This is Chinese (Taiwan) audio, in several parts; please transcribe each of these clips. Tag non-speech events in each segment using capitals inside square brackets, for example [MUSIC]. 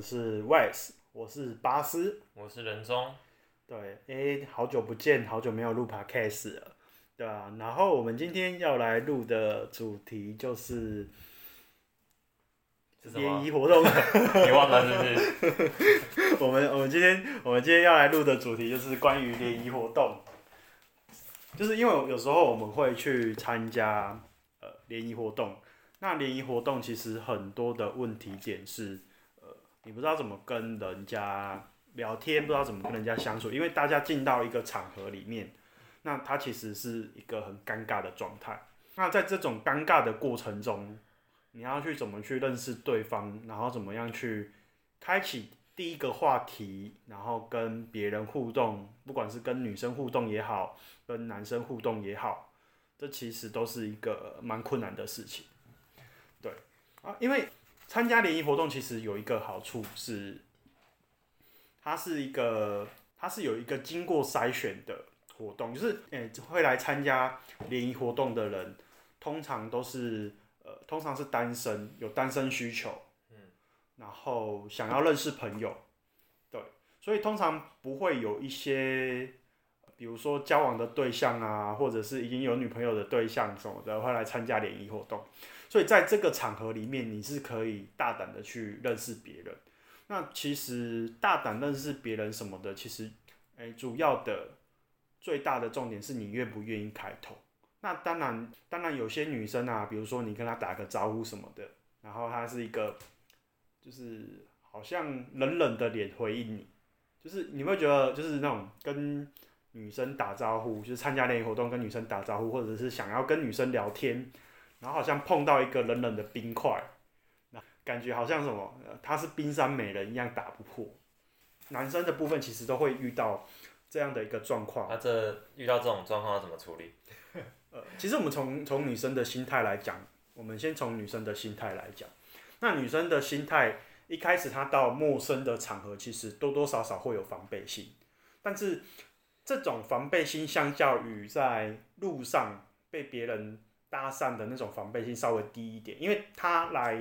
我是 Wes，我是巴斯，我是仁宗。對，誒、欸，好久不見，好久沒有錄 podcast 了。對啊，然後我們今天要來錄的主題就是聯誼活動， [LAUGHS] 你忘了是不是？ [LAUGHS] 我們我們今天我們今天要來錄的主題就是關於聯誼活動，就是因為有，有時候我們會去參加呃聯誼活動，那聯誼活動其實很多的問題點是。你不知道怎麼跟人家聊天，不知道怎麼跟人家相處，因為大家進到一個場合裡面，那他其實是一個很尷尬的狀態。那在這種尷尬的過程中，你要去怎麼去認識對方，然後怎麼樣去開啟第一個話題，然後跟別人互動，不管是跟女生互動也好，跟男生互動也好，這其實都是一個蠻困難的事情。對啊，因為參加聯誼活動其實有一個好處是，它是一個，它是有一個經過篩選的活動，就是誒、欸、會來參加聯誼活動的人，通常都是呃，通常是單身，有單身需求，嗯，然後想要認識朋友，對，所以通常不會有一些。比如說交往的對象啊，或者是已經有女朋友的對象什麼的，會來參加聯誼活動。所以在這個場合裡面，你是可以大膽的去認識別人。那其實大膽認識別人什麼的，其實誒、欸，主要的最大的重點是你願不願意開頭。那當然，當然有些女生啊，比如說你跟她打個招呼什麼的，然後她是一個，就是好像冷冷的臉回應你，就是你會覺得就是那種跟。女生打招呼，就是參加聯誼活動，跟女生打招呼，或者是想要跟女生聊天，然後好像碰到一個冷冷的冰塊，那感覺好像什麼，她、呃、是冰山美人一樣打不破。男生的部分其實都會遇到這樣的一個狀況。那、啊、這遇到這種狀況要怎麼處理？ [LAUGHS] 呃、其實我們從從女生的心態來講，我們先從女生的心態來講。那女生的心態一開始她到陌生的場合，其實多多少少會有防備心，但是。這種防備心，相較於在路上被別人搭訕的那種防備心稍微低一點，因為他來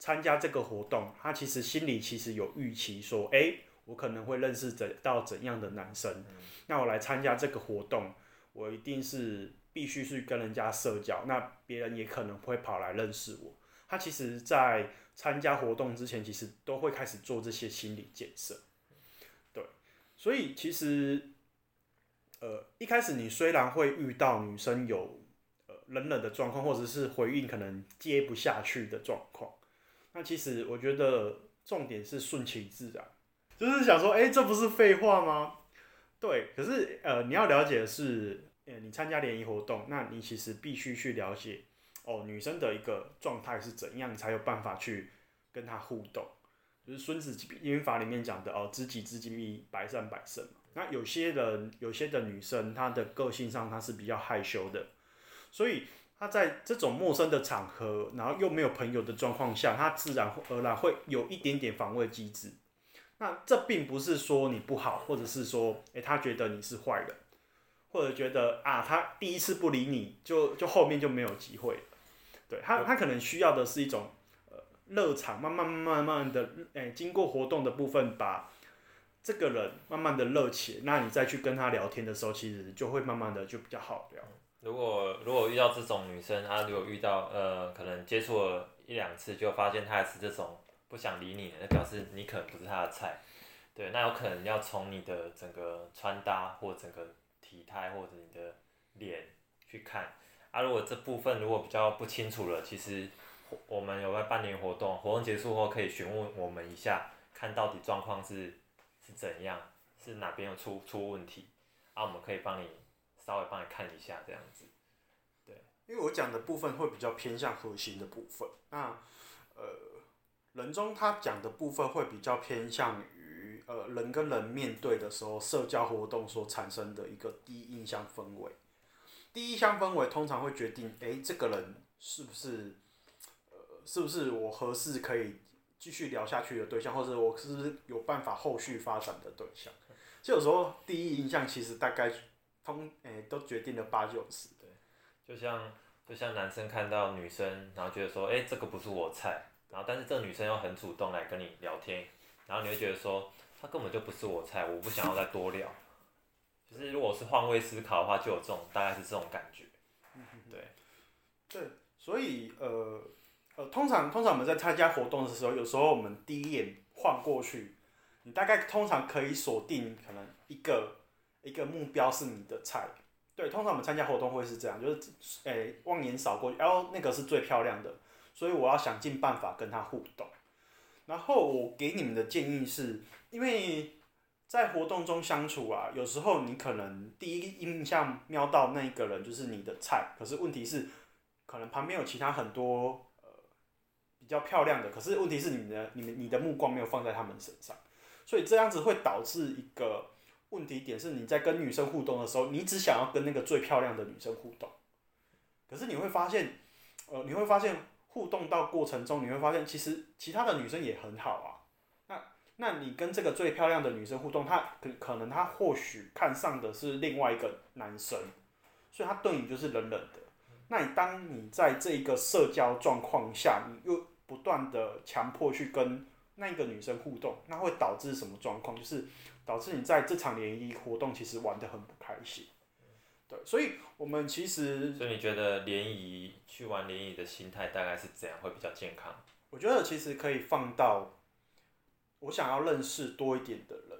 參加這個活動，他其實心裡其實有預期，說，哎、欸，我可能會認識怎到怎樣的男生，那我來參加這個活動，我一定是必須去跟人家社交，那別人也可能會跑來認識我。他其實，在參加活動之前，其實都會開始做這些心理建設。對，所以其實。呃，一開始你雖然會遇到女生有呃冷冷的狀況，或者是回應可能接不下去的狀況，那其實我覺得重點是順其自然，就是想說，哎，欸，這不是廢話嗎？對，可是，呃，你要了解的是，欸，你參加聯誼活動，那你其實必須去了解哦，女生的一個狀態是怎樣，你才有辦法去跟她互動。就是孫子兵法裡面講的哦，知己知彼，百戰百勝嘛。那有些人，有些的女生，她的個性上她是比較害羞的，所以她在這種陌生的場合，然後又沒有朋友的狀況下，她自然而然會有一點點防衛機制。那這並不是說你不好，或者是說，誒，她覺得你是壞人，或者覺得啊，她第一次不理你，就就後面就沒有機會了。對，她，她可能需要的是一種呃熱場，慢慢慢慢的，誒，經過活動的部分把。這個人慢慢的熱情，那你再去跟他聊天的時候，其實就會慢慢的就比較好聊。如果如果遇到這種女生，她、啊、如果遇到呃，可能接觸了一兩次就發現她也是這種不想理你，那表示你可能不是她的菜。對，那有可能要從你的整個穿搭或整個體態或者你的臉去看。啊，如果這部分如果比較不清楚了，其實我們有在辦聯誼活動，活動結束後可以詢問我們一下，看到底狀況是。怎樣？是哪邊有出出問題？啊，我們可以幫你稍微幫你看一下這樣子。對，因為我講的部分會比較偏向核心的部分。那呃，人中他講的部分會比較偏向於呃人跟人面對的時候社交活動所產生的一個第一印象氛圍。第一印象氛圍通常會決定，誒，這個人是不是呃是不是我合適可以繼續聊下去的對象，或者我是不是有辦法後續發展的對象，就有時候第一印象其實大概通誒、欸、都決定了八九十，對。就像就像男生看到女生，然後覺得說誒、欸、這個不是我菜，然後但是這個女生又很主動來跟你聊天，然後你會覺得說她根本就不是我菜，我不想要再多聊。 [LAUGHS] 就是如果是換位思考的話，就有這種大概是這種感覺，對。 [LAUGHS] 對，所以呃。呃，通常通常我們在參加活動的時候，有時候我們第一眼晃過去，你大概通常可以鎖定可能一個一個目標是你的菜。對，通常我們參加活動會是這樣，就是誒、欸、望眼掃過去，然後，欸哦，那個是最漂亮的，所以我要想盡辦法跟他互動。然後我給你們的建議是，因為在活動中相處啊，有時候你可能第一印象瞄到那個人就是你的菜，可是問題是，可能旁邊有其他很多。比較漂亮的，可是問題是你的、你的、你的目光沒有放在他們身上，所以這樣子會導致一個問題點是：你在跟女生互動的時候，你只想要跟那個最漂亮的女生互動。可是你會發現，呃，你會發現互動到過程中，你會發現其實其他的女生也很好啊。那那你跟這個最漂亮的女生互動，她可可能她或許看上的是另外一個男生，所以她對你就是冷冷的。那你當你在這個社交狀況下，你又不斷地強迫去跟那個女生互動，那會導致什麼狀況？就是導致你在這場聯誼活動其實玩得很不開心。對，所以我們其實，所以你覺得聯誼去玩聯誼的心態大概是怎樣會比較健康？我覺得其實可以放到我想要認識多一點的人，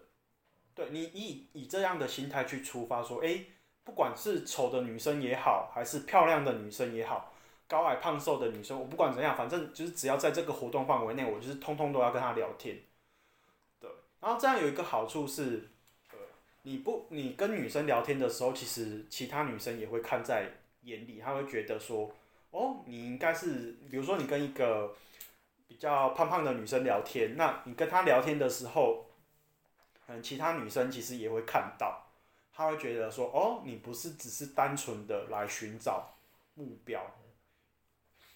對，你以以這樣的心態去出發，說，誒、欸，不管是醜的女生也好，還是漂亮的女生也好。高矮胖瘦的女生，我不管怎樣，反正就是只要在這個活動範圍內，我就是通通都要跟她聊天，對，然後這樣有一個好處是，呃，你不，你跟女生聊天的時候，其實其他女生也會看在眼裡，她會覺得說，哦，你應該是，比如說你跟一個比較胖胖的女生聊天，那你跟她聊天的時候，嗯，其他女生其實也會看到，她會覺得說，哦，你不是只是單純的來尋找目標。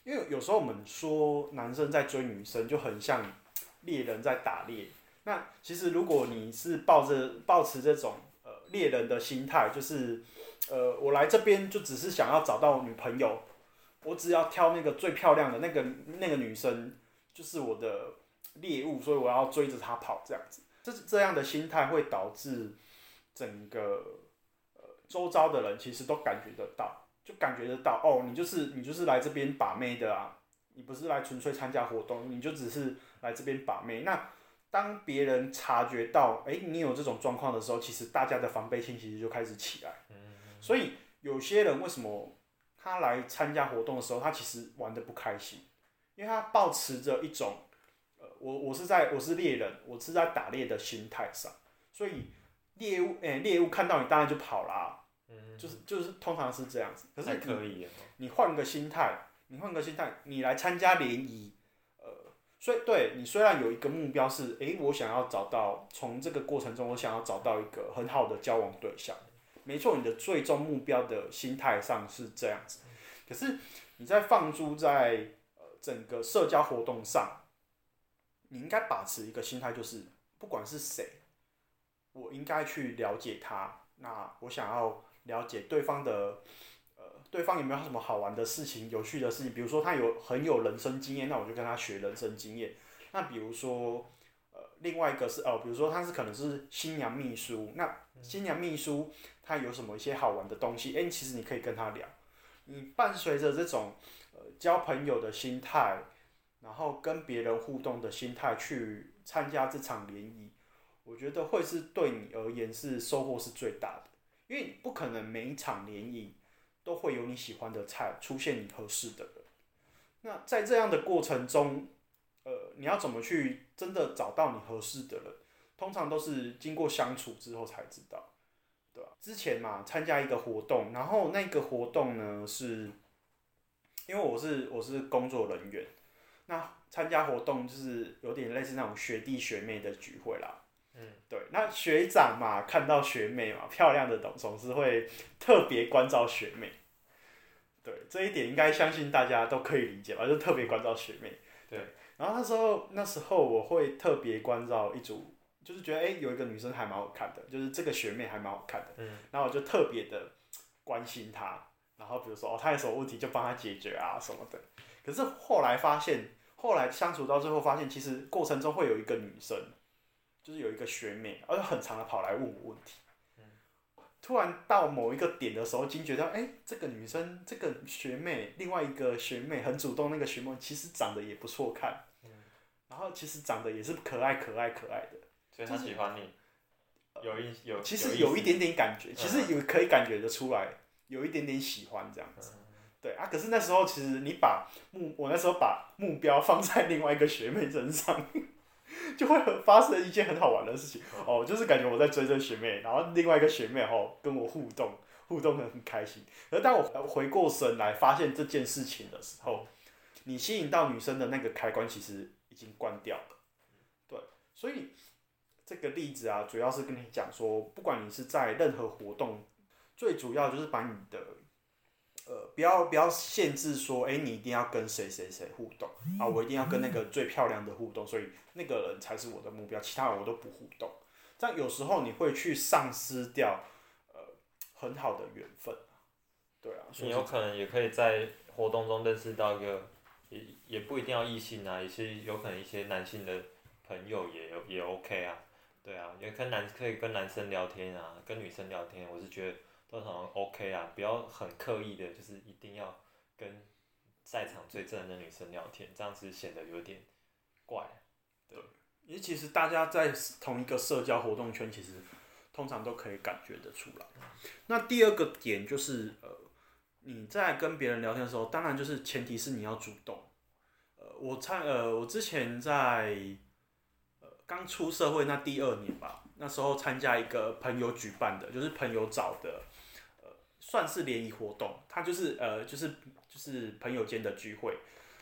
因為有時候我們說男生在追女生就很像獵人在打獵。那其實如果你是抱着抱持這種呃獵人的心態，就是呃我來這邊就只是想要找到女朋友，我只要挑那個最漂亮的那個那個女生就是我的獵物，所以我要追着她跑這樣子。這這樣的心態會導致整個呃周遭的人其實都感覺得到。就感覺得到哦，你就是你就是來這邊把妹的啊，你不是來純粹參加活動，你就只是來這邊把妹。那當別人察覺到，哎、欸，你有這種狀況的時候，其實大家的防備心其實就開始起來。嗯嗯。所以有些人為什麼他來參加活動的時候，他其實玩得不開心，因為他保持着一種，呃，我我是在我是獵人，我是在打獵的心態上，所以獵物，誒、欸，獵物看到你當然就跑啦。就是就是通常是這樣子，可是可以你，你換個心態，你換個心態，你來參加聯誼，呃，所以對你雖然有一個目標是，哎、欸，我想要找到從這個過程中我想要找到一個很好的交往對象，沒錯，你的最終目標的心態上是這樣子，可是你在放逐在呃整個社交活動上，你應該把持一個心態就是不管是誰，我應該去了解他，那我想要。了解對方的，呃，對方有沒有什麼好玩的事情、有趣的事情？比如說他有很有人生經驗，那我就跟他學人生經驗。那比如說，呃，另外一個是，呃，比如說他是可能是新娘秘書，那新娘秘書他有什麼一些好玩的東西？哎、欸，其實你可以跟他聊。你伴隨着這種呃交朋友的心態，然後跟別人互動的心態去參加這場聯誼，我覺得會是對你而言是收穫是最大的。因為不可能每一場聯誼都會有你喜歡的菜出現，你合適的人。那在這樣的過程中，呃，你要怎麼去真的找到你合適的人？通常都是經過相處之後才知道，對吧、啊？之前嘛，參加一個活動，然後那個活動呢，是因為我是我是工作人員，那參加活動就是有點類似那種學弟學妹的聚會啦。對，那學長嘛，看到學妹嘛，漂亮的董總是會特別關照學妹。對，這一點應該相信大家都可以理解吧？就特別關照學妹。對。然後那時候，那時候我會特別關照一組，就是覺得哎、欸，有一個女生還蠻好看的，就是這個學妹還蠻好看的。然後我就特別的關心她，然後比如說哦，她有什麼問題就幫她解決啊什麼的。可是後來發現，後來相處到最後發現，其實過程中會有一個女生。就是有一個學妹，而且很常地跑來問我問題。嗯、突然到某一個點的時候，驚覺到，哎、欸，這個女生，這個學妹，另外一個學妹很主動，那個學妹其實長得也不錯看。嗯、然後其實長得也是可愛可愛可愛的。所以她喜歡你。是有一有，有、呃。其實有一點點感覺，嗯、其實有可以感覺得出來，有一點點喜歡這樣子。嗯、對啊，可是那時候其實你把目，我那時候把目標放在另外一個學妹身上。就會發生一件很好玩的事情、嗯、哦，就是感覺我在追追學妹，然後另外一個學妹跟我互動，互動得很開心。而當我回過神來發現這件事情的時候，你吸引到女生的那個開關其實已經關掉了。對，所以這個例子啊，主要是跟你講說，不管你是在任何活動，最主要就是把你的。呃，不要不要限制說，誒、欸，你一定要跟誰誰誰互動啊，我一定要跟那個最漂亮的互動，所以那個人才是我的目標，其他人我都不互動。這樣有時候你會去喪失掉呃很好的緣分，對啊，所以有可能也可以在活動中認識到一個，也也不一定要異性啊，一些有可能一些男性的朋友也有也 OK 啊，對啊，你跟男可以跟男生聊天啊，跟女生聊天，我是覺得 OK 啊，不要很刻意的，就是一定要跟在場最正的女生聊天，這樣子顯得有點怪啊。對，因為其實大家在同一個社交活動圈，其實通常都可以感覺得出來。那第二個點就是，呃，你在跟別人聊天的時候，當然就是前提是你要主動。呃，我參呃，我之前在呃剛出社會那第二年吧，那時候參加一個朋友舉辦的，就是朋友找的。算是聯誼活動，他就是呃，就是就是朋友間的聚會。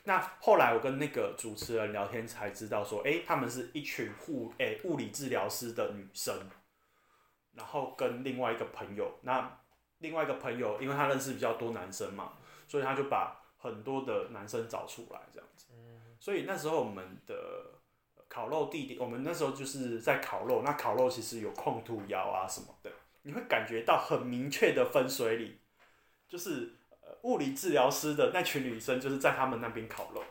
那後來我跟那個主持人聊天才知道說，哎、欸，他們是一群護哎、欸、物理治療師的女生，然後跟另外一個朋友，那另外一個朋友，因為他認識比較多男生嘛，所以他就把很多的男生找出來這樣子。所以那時候我們的烤肉地點，我們那時候就是在烤肉，那烤肉其實有控土窯啊什麼的。你會感覺到很明確的分水嶺，就是物理治療師的那群女生就是在他們那邊烤肉，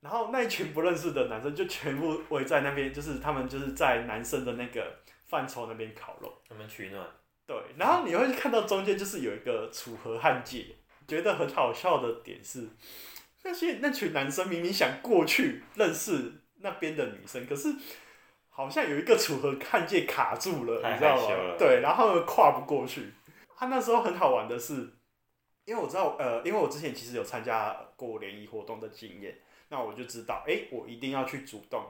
然後那一群不認識的男生就全部圍在那邊，就是他們就是在男生的那個範疇那邊烤肉，他們取暖。對，然後你會看到中間就是有一個楚河漢界，覺得很好笑的點是，那些那群男生明明想過去認識那邊的女生，可是。好像有一個楚河漢界卡住了，了你知道嗎？對，然後跨不過去。 [LAUGHS] 他那時候很好玩的是，因為我知道，呃，因為我之前其實有參加過聯誼活動的經驗，那我就知道，哎、欸，我一定要去主動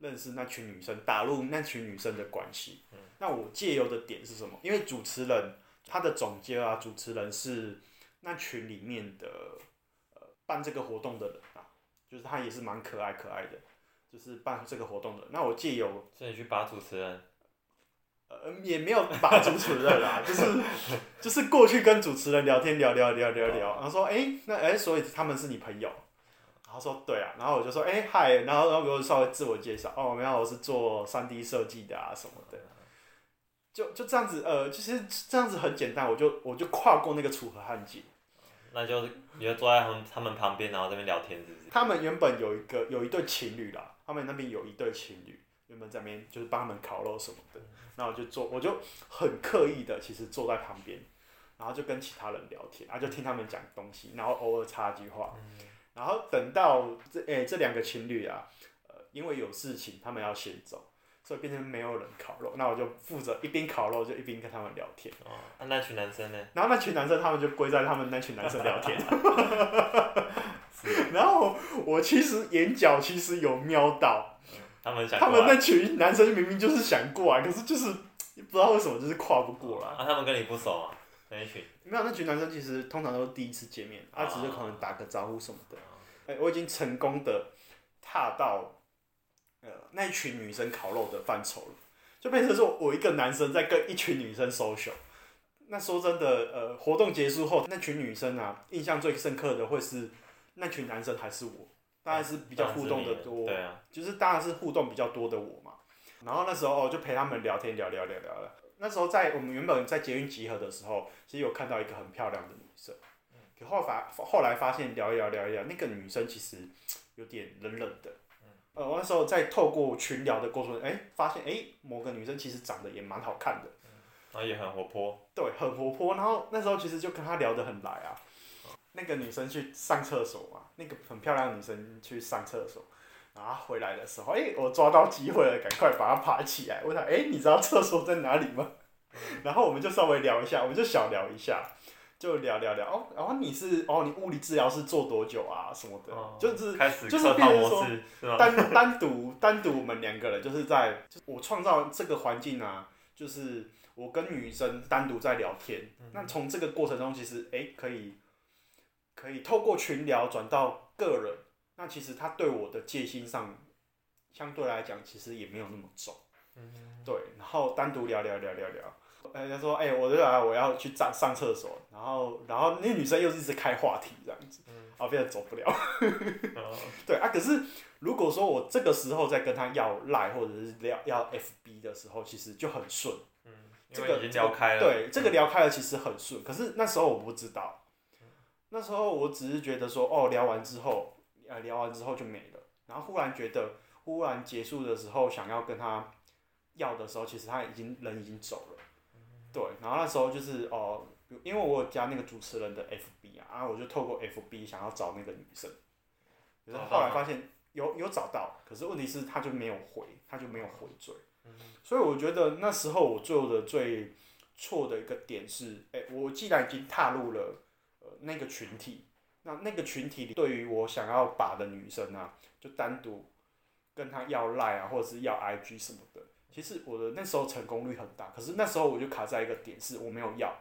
認識那群女生，打入那群女生的關係。嗯、那我借由的點是什麼？因為主持人他的總結啊，主持人是那群裡面的，呃，辦這個活動的人啊，就是他也是蠻可愛可愛的。就是辦這個活動的，那我借由自己去把主持人，呃，也沒有把主持人啦、啊， [LAUGHS] 就是就是過去跟主持人聊天，聊聊聊聊聊，哦、然後說，哎、欸，那哎、欸，所以他們是你朋友？然後說對啊，然後我就說，哎、欸，嗨，然後然後給我稍微自我介紹，哦，沒有，我是做三 D 設計的啊，什麼的，就就這樣子，呃，其、就、實、是、這樣子很簡單，我就我就跨過那個楚河漢界，那就是你就坐在他們他們旁邊，然後這邊聊天 [LAUGHS] 他們原本有一個有一對情侶啦。他們那邊有一對情侶，原本在那邊就是幫他們烤肉什麼的，那、嗯、我就坐，我就很刻意的，其實坐在旁邊，然後就跟其他人聊天，然、啊、後就聽他們講東西，然後偶爾插一句話，嗯、然後等到這誒、欸、這兩個情侶啊，呃，因為有事情他們要先走，所以變成沒有人烤肉，那我就負責一邊烤肉就一邊跟他們聊天。哦，那、啊、那群男生呢？然後那群男生他們就歸在他們那群男生聊天。 [LAUGHS] [LAUGHS] [LAUGHS] 然後我其實眼角其實有瞄到，他們想他們那群男生明明就是想過來，可是就是不知道為什麼就是跨不過來。啊，他們跟你不熟啊，那群沒有那群男生，其實通常都是第一次見面，他只是可能打個招呼什麼的。哎，我已經成功的踏到呃那一群女生烤肉的範疇了，就變成說我一個男生在跟一群女生 social。那說真的，呃，活動結束後那群女生啊，印象最深刻的會是，那群男生還是我，當然是比較互動的多，嗯對啊、就是當然是互動比較多的我嘛。然後那時候就陪他們聊天，聊聊，聊聊。那時候在我們原本在捷運集合的時候，其實有看到一個很漂亮的女生，嗯、可後發後來發現聊一聊聊一聊，那個女生其實有點冷冷的。呃、嗯，我那時候在透過群聊的過程中，哎、欸，發現哎、欸、某個女生其實長得也蠻好看的，然後、嗯啊、也很活潑，對，很活潑。然後那時候其實就跟她聊得很來啊。那個女生去上廁所嘛，那個很漂亮的女生去上廁所，然後回來的時候，誒、欸，我抓到機會了，趕快把她爬起來，問她，誒、欸，你知道廁所在哪裡嗎？ [LAUGHS] 然後我們就稍微聊一下，我們就小聊一下，就聊聊聊，哦，然後、哦、你是，哦，你物理治療是做多久啊？什麼的，哦、就是開始就是變成說嗎單單獨 [LAUGHS] 單獨我們兩個人，就是在，就是、我創造這個環境啊，就是我跟女生單獨在聊天，嗯、哼那從這個過程中，其實哎、欸，可以。可以透過群聊轉到個人，那其實他對我的戒心上相對來講其實也沒有那麼重，嗯、哼對。然後單獨聊聊聊聊聊，哎、欸，他說哎、欸，我來我要去上上廁所，然後然後那女生又一直開話題這樣子，然、嗯、啊，變得走不了， [LAUGHS] 哦、對啊。可是如果說我這個時候在跟他要 LINE 或者是聊要 FB 的時候，其實就很順，嗯，這個已經聊開了、這個，對，這個聊開了其實很順，嗯、可是那時候我不知道。那時候我只是覺得說，哦，聊完之後，呃，聊完之後就沒了。然後忽然覺得，忽然結束的時候，想要跟他要的時候，其實他已經人已經走了。對，然後那時候就是哦，因為我有加那個主持人的 FB 啊，啊，我就透過 FB 想要找那個女生。然後後來發現有有找到，可是問題是他就沒有回，他就沒有回追。所以我覺得那時候我做的最錯的一個點是，哎、欸，我既然已經踏入了。那個群體，那那個群體裡，對於我想要把的女生啊，就單獨跟她要賴啊，或者是要 IG 什麼的。其實我的那時候成功率很大，可是那時候我就卡在一個點，是我沒有要，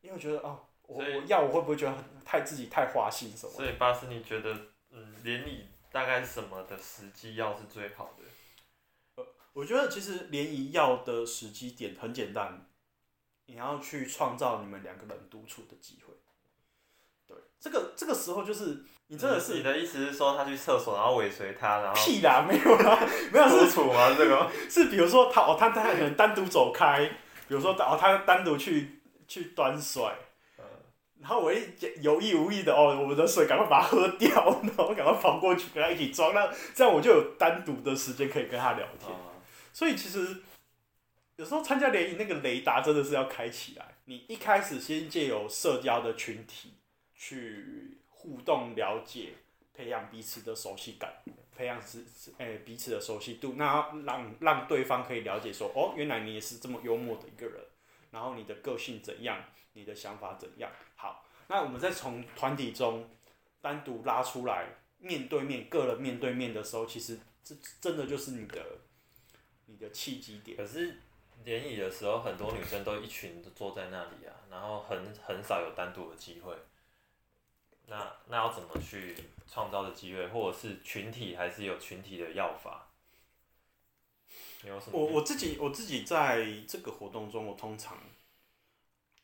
因為覺得啊、哦，我以我要我會不會覺得很太自己太花心什麼？所以巴士，你覺得嗯聯誼大概是什麼的時機要是最好的？我覺得其實聯誼要的時機點很簡單，你要去創造你們兩個人獨處的機會。這個這個時候就是你真的是、嗯、你的意思是說他去廁所，然後尾隨他，然後屁啦沒有啦， [LAUGHS] 沒有是獨處嗎？這個 [LAUGHS] 是比如說他哦，他他可能單獨走開，比如說哦，他單獨去去端水，然後我一有意無意的哦，我們的水趕快把它喝掉，然後趕快跑過去跟他一起裝，那這樣我就有單獨的時間可以跟他聊天。嗯、所以其實有時候參加聯誼，那個雷達真的是要開起來。你一開始先借由社交的群體。去互動了解，培養彼此的熟悉感，培養彼此誒、欸、彼此的熟悉度，那讓讓對方可以了解說哦，原來你也是這麼幽默的一個人，然後你的個性怎樣，你的想法怎樣。好，那我們再從團體中單獨拉出來，面對面，個人面對面的時候，其實這真的就是你的你的契機點。可是聯誼的時候，很多女生都一群都坐在那裡啊， [LAUGHS] 然後很很少有單獨的機會。那要怎麼去創造的機會，或者是群體還是有群體的要法？我我自己我自己在這個活動中，我通常，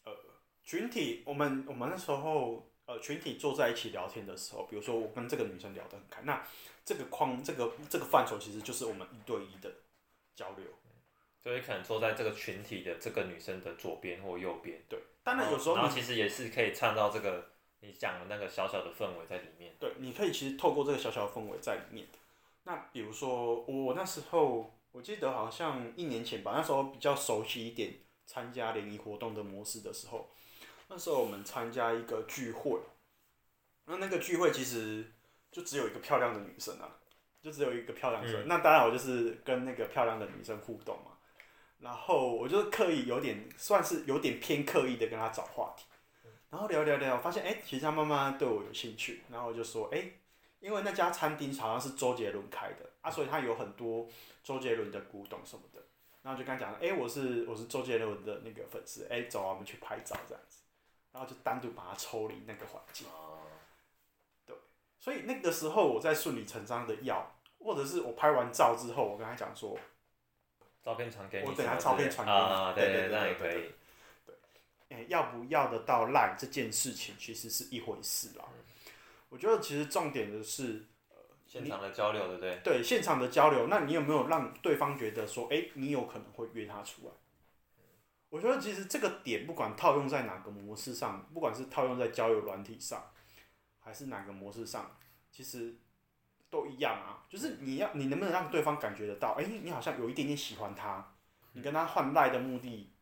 呃，群體，我們我們那時候呃，群體坐在一起聊天的時候，比如說我跟這個女生聊得很開，那這個框這個這個範疇其實就是我們一對一的交流，所以可能坐在這個群體的這個女生的左邊或右邊。對，當然有時候其實也是可以創造這個。你講的那個小小的氛圍在裡面。對，你可以其實透過這個小小的氛圍在裡面。那比如說，我那時候我記得好像一年前吧，那時候比較熟悉一點參加聯誼活動的模式的時候，那時候我們參加一個聚會，那那個聚會其實就只有一個漂亮的女生啊，就只有一個漂亮的女生。嗯。那當然我就是跟那個漂亮的女生互動嘛，然後我就刻意有點算是有點偏刻意的跟她找話題。然後聊聊聊，發現哎、欸，其實他媽媽對我有興趣。然後我就說哎、欸，因為那家餐廳好像是周杰倫開的啊，所以他有很多周杰倫的古董什麼的。然後就跟他講，哎、欸，我是我是周杰倫的那個粉絲，哎、欸，走啊，我們去拍照這樣子。然後就單獨把他抽離那個環境。哦、對，所以那個時候我在順理成章的要，或者是我拍完照之後，我跟他講說，照片，照片傳給你。我等下照片傳給你啊，對對對，要不要得到賴這件事情，其實是一回事啦。我覺得其實重點的是，呃，現場的交流，對不對？對，現場的交流，那你有沒有讓對方覺得說，哎、欸，你有可能會約他出來？我覺得其實這個點，不管套用在哪個模式上，不管是套用在交友軟體上，還是哪個模式上，其實都一樣啊。就是你要，你能不能讓對方感覺得到，哎、欸，你好像有一點點喜歡他，你跟他換賴的目的。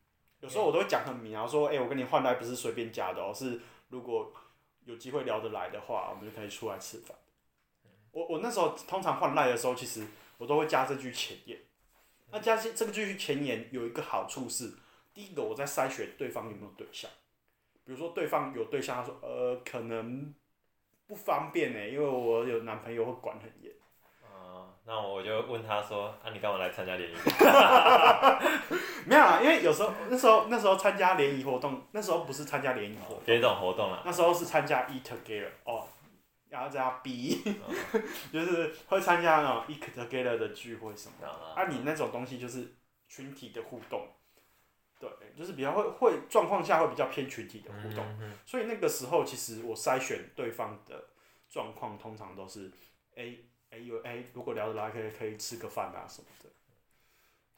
有時候我都會講很明、啊，然後說：“哎、欸，我跟你換賴不是隨便加的哦，是如果有機會聊得來的話，我們就可以出來吃飯。”我我那時候通常換賴的時候，其實我都會加這句前言。那加這這個句前言有一個好處是，第一個我在篩選對方有沒有對象。比如說對方有對象，他說：“呃，可能不方便呢、欸，因為我有男朋友會管很嚴。”那我就問他說：“那、啊、你幹嘛來參加聯誼？” [LAUGHS] [LAUGHS] 沒有啊，因為有時候那時候那時候參加聯誼活動，那時候不是參加聯誼活動，別、哦、種活動啊，那時候是參加 e together 哦，然後加 B，就是會參加那種 “e together” 的聚會什麼的、哦、啊。你那種東西就是群體的互動，對，就是比較會會狀況下會比較偏群體的互動。嗯嗯嗯嗯，所以那個時候其實我篩選對方的狀況，通常都是 A。欸哎呦哎，如果聊得來，可以可以吃個飯啊什麼的。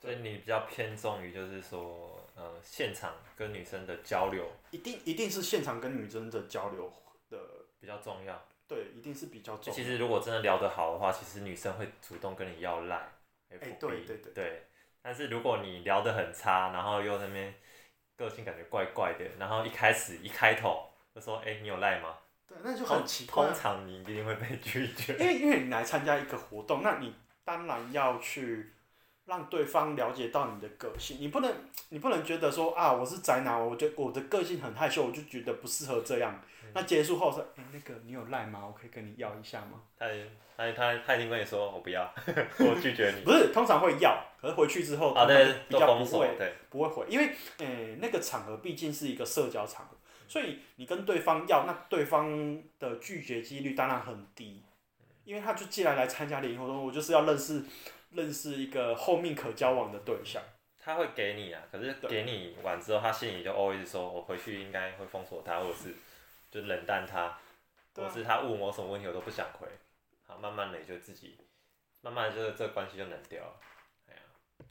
所以你比較偏重於就是說，呃，現場跟女生的交流。一定一定是現場跟女生的交流的比較重要。對，一定是比較重要、欸。其實如果真的聊得好的話，其實女生會主動跟你要賴。哎，對對對。對，但是如果你聊得很差，然後又那邊個性感覺怪怪的，然後一開始一開頭就說：“哎、欸，你有賴嗎？”對，那就很奇怪、哦。通常你一定會被拒絕。因為因為你來參加一個活動， [LAUGHS] 那你當然要去讓對方了解到你的個性。你不能，你不能覺得說啊，我是宅男，我覺我的個性很害羞，我就覺得不適合這樣。嗯、那結束後說，哎、欸，那個你有賴嗎？我可以跟你要一下嗎？他他他他已經跟你說我不要， [LAUGHS] 我拒絕你。 [LAUGHS] 不是通常會要，可是回去之後啊、哦，對，比較不會，對，不會回，因為嗯、呃，那個場合畢竟是一個社交場合。所以你跟對方要，那對方的拒絕幾率當然很低，嗯、因為他就既然來，來參加聯誼，我就是要認識，認識一個後面可交往的對象。他會給你啊，可是給你完之後，對他心裡就 always、哦、說我回去應該會封鎖他，或者是就冷淡他，啊、或是他問我什麼問題我都不想回，好，慢慢的也就自己，慢慢就這這關係就冷掉了。哎呀、啊，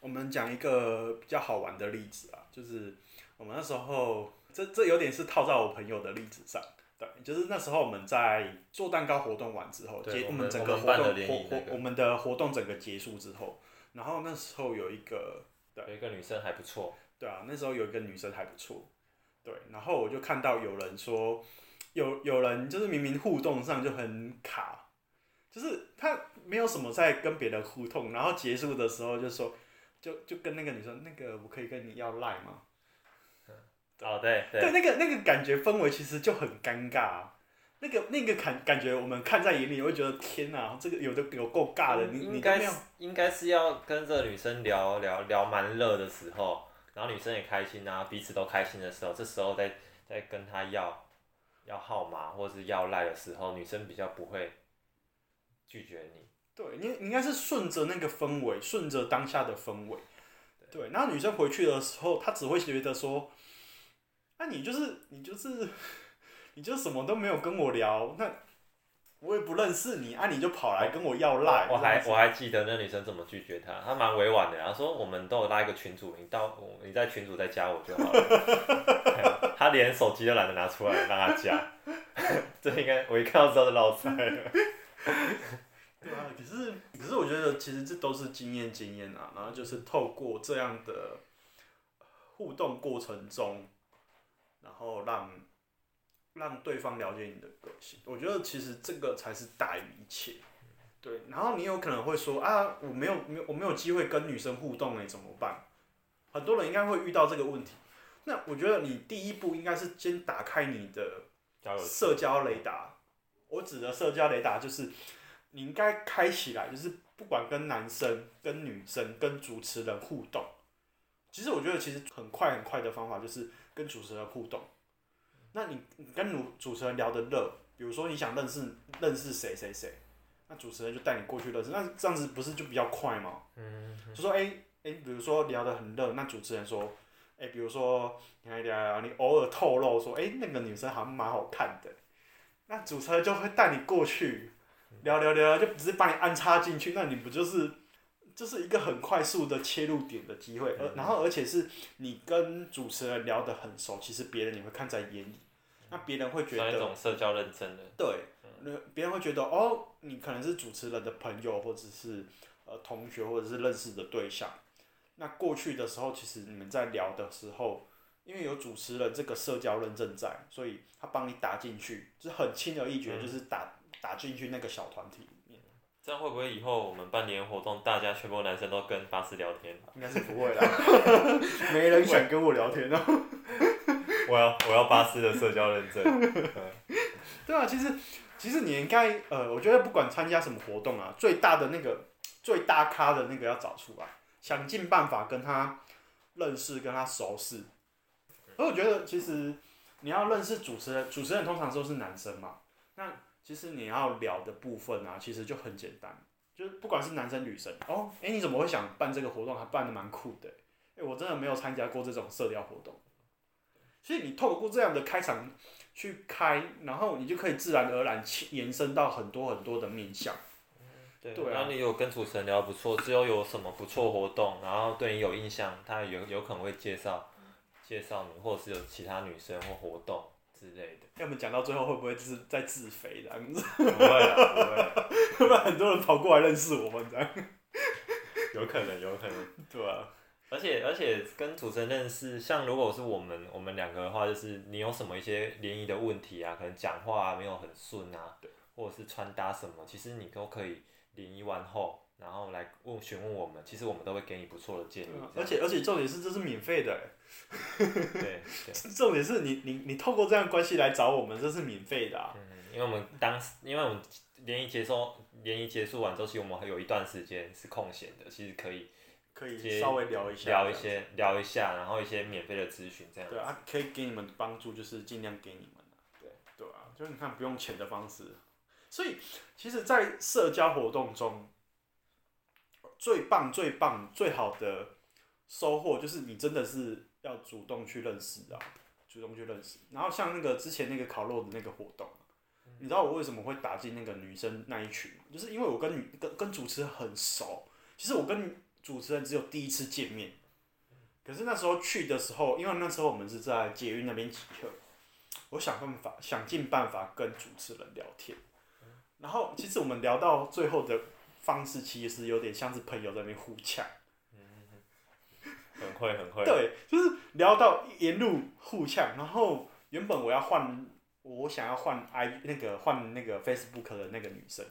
我們講一個比較好玩的例子啊，就是我們那時候。這這有點是套在我朋友的例子上，對，就是那時候我們在做蛋糕活動完之後，對結我們，我們整個活動活活我們的活動整個結束之後，然後那時候有一個對有一個女生還不錯，對啊，那時候有一個女生還不錯，對，然後我就看到有人說有有人就是明明互動上就很卡，就是他沒有什麼在跟別人互動，然後結束的時候就說就就跟那個女生，那個我可以跟你要賴嗎？對哦，對、對、對那個那個感覺氛圍其實就很尷尬，啊，那個那個感感覺我們看在眼裡，會覺得天哪，這個有的有夠尬的，的你，你應該是應該是要跟這個女生聊聊聊蠻熱的時候，然後女生也開心啊，然後彼此都開心的時候，這時候再再跟她要要號碼或是要賴的時候，女生比較不會拒絕你。對，你你應該是順着那個氛圍，順着當下的氛圍，對。對，然後女生回去的時候，她只會覺得說。那、啊、你就是你就是，你就什麼都沒有跟我聊，那我也不認識你，啊你就跑來跟我要賴、啊。我還我還記得那女生怎麼拒絕他，他蠻委婉的、啊，然後說我們都有拉一個群組，你到你在群組再加我就好了。他、 [LAUGHS] 哎、連手機都懶得拿出來讓他加， [LAUGHS] 這應該我一看到就知道是落賽了。 [LAUGHS] 對啊，可是可是我覺得其實這都是經驗經驗啊，然後就是透過這樣的互動過程中。然後讓讓對方了解你的個性，我覺得其實這個才是大於一切。對，然後你有可能會說啊，我沒有，沒有，我沒有機會跟女生互動，誒，怎麼辦？很多人應該會遇到這個問題。那我覺得你第一步應該是先打開你的社交雷達。我指的社交雷達就是你應該開起來，就是不管跟男生、跟女生、跟主持人互動，其實我覺得，其實很快很快的方法就是跟主持人互動。那你你跟主持人聊的熱，比如說你想認識認識誰誰誰，那主持人就帶你過去認識，那這樣子不是就比較快嗎？嗯。就說誒誒，比如說聊得很熱，那主持人說，誒，比如說你聊聊聊，你偶爾透露說，誒，那個女生好像蠻好看的，那主持人就會帶你過去聊聊聊，就直接把你安插進去，那你不就是？這是一個很快速的切入點的機會，而然後而且是你跟主持人聊得很熟，其實別人也會看在眼裡，嗯、那別人會覺得，一種社交認證的。對，那別人會覺得哦，你可能是主持人的朋友，或者是呃同學，或者是認識的對象。那過去的時候，其實你們在聊的時候，因為有主持人這個社交認證在，所以他幫你打進去，就很輕而易舉，就是打、嗯、打進去那個小團體。這樣會不會以後我們半年活動，大家全部男生都跟巴斯聊天、啊？應該是不會啦， [LAUGHS] [LAUGHS] 沒人想跟我聊天哦、啊。 [LAUGHS] 我要我要巴斯的社交認證。對啊，其實其實你應該呃，我覺得不管參加什麼活動啊，最大的那個最大咖的那個要找出來，想盡辦法跟他認識，跟他熟識。所以我覺得其實你要認識主持人，主持人通常都是男生嘛，那。其實你要聊的部分啊，其實就很簡單，就是不管是男生女生哦，誒，你怎麼會想辦這個活動？還辦得蠻酷的，誒，我真的沒有參加過這種社交活動，所以你透過這樣的開場去開，然後你就可以自然而然去延伸到很多很多的面向。對，然後、啊、你有跟主持人聊得不錯，只要有，有什麼不錯活動，然後對你有印象，他有有可能會介紹，介紹你，或者是有其他女生或活動。之類的，要不講到最後會不會是在自肥這樣子 [LAUGHS] 不會、啊，不會、啊， [LAUGHS] 會不會很多人跑過來認識我們這樣？有可能，有可能。對啊，而且而且跟主持人認識，像如果是我們我們兩個的話，就是你有什麼一些聯誼的問題啊，可能講話啊沒有很順啊，對或者是穿搭什麼，其實你都可以聯誼完後。然後來問，詢問我們，其實我們都會給你不錯的建議。啊、而且而且重點是這是免費的 [LAUGHS] 對。對，重點是你你你透過這樣關係來找我們，這是免費的、啊。嗯，因為我們當，因為我們聯誼結束，聯誼結束完之後，其實我們還有一段時間是空閒的，其實可以可以稍微聊一下聊一些聊一下，然後一些免費的諮詢這樣。對啊，可以給你們幫助就是盡量給你們、啊。對對啊，就是你看不用錢的方式，所以其實，在社交活動中。最棒、最棒、最好的收穫就是，你真的是要主動去認識啊，主動去認識。然後像那個之前那個烤肉的那個活動，你知道我為什麼會打進那個女生那一群？就是因為我跟女跟跟主持人很熟，其實我跟主持人只有第一次見面，可是那時候去的時候，因為那時候我們是在捷運那邊集合，我想辦法想盡辦法跟主持人聊天，然後其實我們聊到最後的。方式其實有點像是朋友在那邊互嗆，嗯，很會很會，對，就是聊到一路互嗆，然後原本我要換，我想要換 i 那個換那個 Facebook 的那個女生，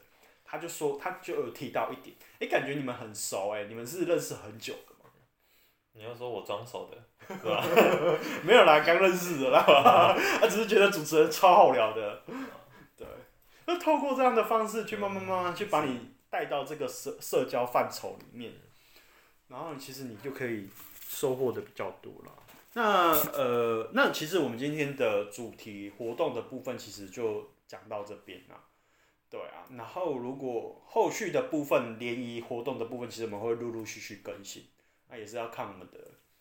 她就說她就有提到一點，哎、欸，感覺你們很熟哎、欸，你們是認識很久的嗎？你要說我裝熟的，是吧？ [LAUGHS] 沒有啦，剛認識的，啦。她、啊啊、只是覺得主持人超好聊的，啊、對，那透過這樣的方式去慢慢慢慢去把你、嗯。帶到這個社社交範疇裡面，然後其實你就可以收穫的比較多了。 [LAUGHS] 那呃，那其實我們今天的主題活動的部分，其實就講到這邊了。對啊，然後如果後續的部分聯誼活動的部分，其實我們會陸陸續續更新。那也是要看我們的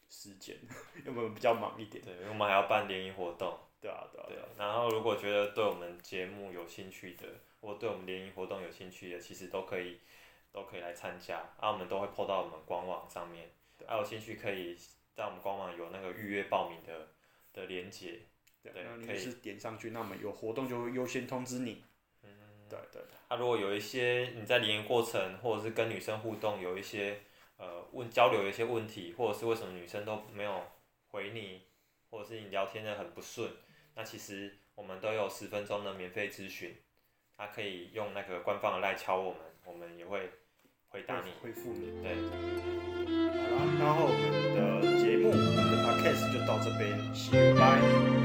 時間，因為我們比較忙一點，對，因為我們還要辦聯誼活動。對啊，對啊，對啊對，然後如果覺得對我們節目有興趣的，對或對我們聯誼活動有興趣的，其實都可以，都可以來參加，啊，我們都會 po 到我們官網上面，對啊，有興趣可以在我們官網有那個預約報名的的鏈接，對，對你是可以點上去，那我們有活動就會優先通知你，嗯，對對，對啊，如果有一些你在聯誼過程或者是跟女生互動有一些呃問交流的一些問題，或者是為什麼女生都沒有回你，或者是你聊天的很不順。那其實我們都有十分鐘的免費諮詢，他、啊、可以用那個官方的 LINE 敲我們，我們也會回答你。回復你。對。對對對，好了啦，然後我們的節目，我們的 podcast 就到這邊，see you，bye。